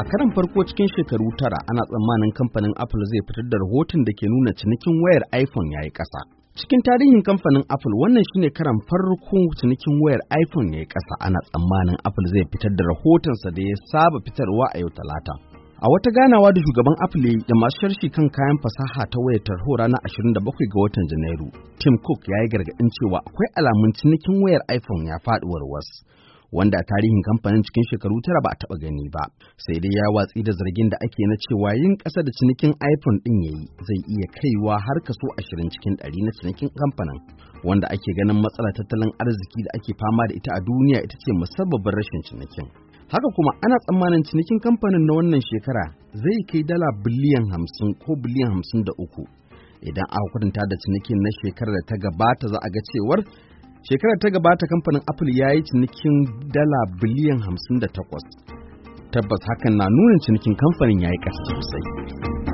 A karan farko cikin shekaru tara ana tsammanin kamfanin Apple zai fitar da rahoton da ke nuna cinikin wayar iPhone ya yi ƙasa. Cikin tarihin kamfanin Apple wannan shine karan farko cinikin wayar iPhone ya yi ƙasa ana tsammanin Apple zai fitar da rahotonsa da ya saba fitarwa a yau talata. A wata ganawa da shugaban Apple da masu sharshi kan kayan fasaha ta wayar tarho ranar bakwai ga watan Janairu, Tim Cook ya yi gargaɗin cewa akwai alamun cinikin wayar iPhone ya faɗi warwas. wanda a tarihin kamfanin cikin shekaru tara ba a taɓa gani ba sai dai ya watsi da zargin da ake na cewa yin ƙasa da cinikin iphone din ya yi zai iya kaiwa har kaso ashirin cikin ɗari na cinikin kamfanin wanda ake ganin matsalar tattalin arziki da ake fama da ita a duniya ita ce musabbabin rashin cinikin haka kuma ana tsammanin cinikin kamfanin na wannan shekara zai kai dala biliyan hamsin ko biliyan hamsin da uku idan aka kwatanta da cinikin na shekarar da ta gabata za a ga cewar shekarar ta gabata kamfanin apple ya yi cinikin dala biliyan hamsin da takwas, tabbas hakan na nuna cinikin kamfanin ya yi ƙasa sosai